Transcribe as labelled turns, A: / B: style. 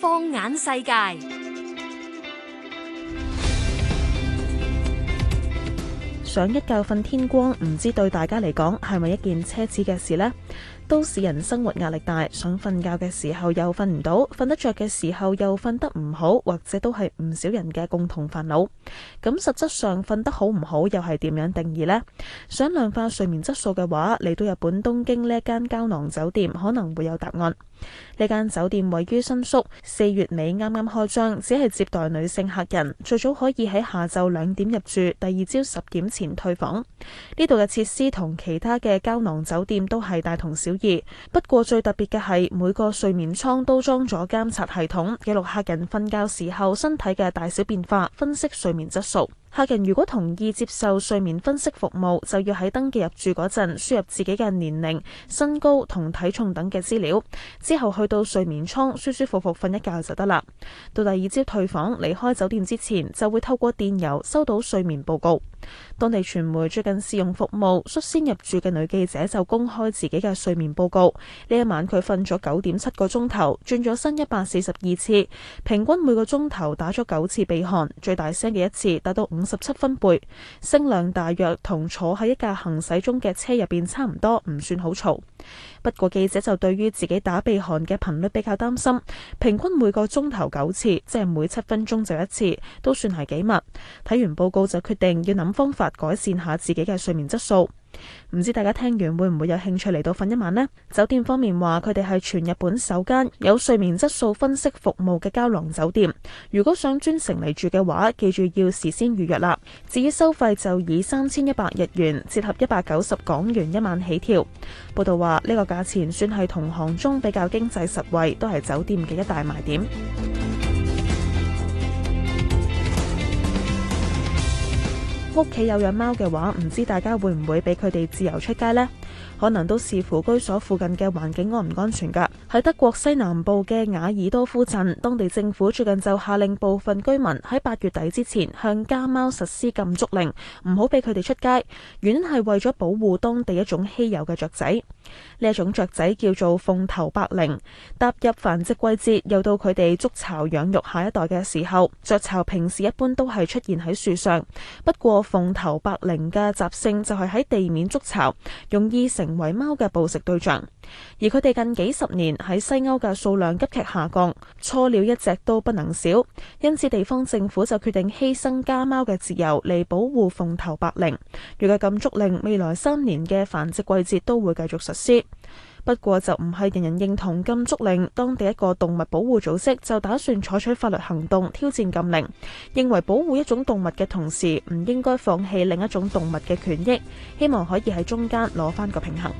A: 放眼世界。想一覺瞓天光，唔知對大家嚟講係咪一件奢侈嘅事呢？都市人生活壓力大，想瞓覺嘅時候又瞓唔到，瞓得着嘅時候又瞓得唔好，或者都係唔少人嘅共同煩惱。咁實質上瞓得好唔好又係點樣定義呢？想量化睡眠質素嘅話，嚟到日本東京呢一間膠囊酒店可能會有答案。呢間酒店位於新宿，四月尾啱啱開張，只係接待女性客人，最早可以喺下晝兩點入住，第二朝十點前退房。呢度嘅設施同其他嘅膠囊酒店都係大同小異，不過最特別嘅係每個睡眠倉都裝咗監察系統，記錄客人瞓覺時候身體嘅大小變化，分析睡眠質素。客人如果同意接受睡眠分析服務，就要喺登記入住嗰陣輸入自己嘅年齡、身高同體重等嘅資料，之後去到睡眠艙舒舒服服瞓一覺就得啦。到第二朝退房離開酒店之前，就會透過電郵收到睡眠報告。當地傳媒最近試用服務，率先入住嘅女記者就公開自己嘅睡眠報告。呢一晚佢瞓咗九點七個鐘頭，轉咗身一百四十二次，平均每個鐘頭打咗九次鼻鼾，最大聲嘅一次達到五十七分貝，聲量大約同坐喺一架行駛中嘅車入邊差唔多，唔算好嘈。不過記者就對於自己打鼻鼾嘅頻率比較擔心，平均每個鐘頭九次，即係每七分鐘就一次，都算係幾密。睇完報告就決定要諗方法改善下自己嘅睡眠質素，唔知大家聽完會唔會有興趣嚟到瞓一晚呢？酒店方面話，佢哋係全日本首間有睡眠質素分析服務嘅膠囊酒店。如果想專程嚟住嘅話，記住要事先預約啦。至於收費，就以三千一百日元，折合一百九十港元一晚起跳。報道話，呢個價錢算係同行中比較經濟實惠，都係酒店嘅一大賣點。屋企有養貓嘅話，唔知大家會唔會俾佢哋自由出街呢？可能都視乎居所附近嘅環境安唔安全噶。喺德國西南部嘅瓦爾多夫鎮，當地政府最近就下令部分居民喺八月底之前向家貓實施禁足令，唔好俾佢哋出街。原因係為咗保護當地一種稀有嘅雀仔。呢一種雀仔叫做鳳頭百靈。踏入繁殖季節，又到佢哋築巢養育下一代嘅時候，雀巢平時一般都係出現喺樹上，不過，鳳頭百靈嘅習性就係喺地面築巢，容易成為貓嘅捕食對象。而佢哋近幾十年喺西歐嘅數量急劇下降，錯了一隻都不能少。因此，地方政府就決定犧牲家貓嘅自由嚟，保護鳳頭百靈。如果禁足令未來三年嘅繁殖季節都會繼續實施。不過就唔係人人認同禁足令，當地一個動物保護組織就打算採取法律行動，挑戰禁令，認為保護一種動物嘅同時唔應該放棄另一種動物嘅權益，希望可以喺中間攞返個平衡。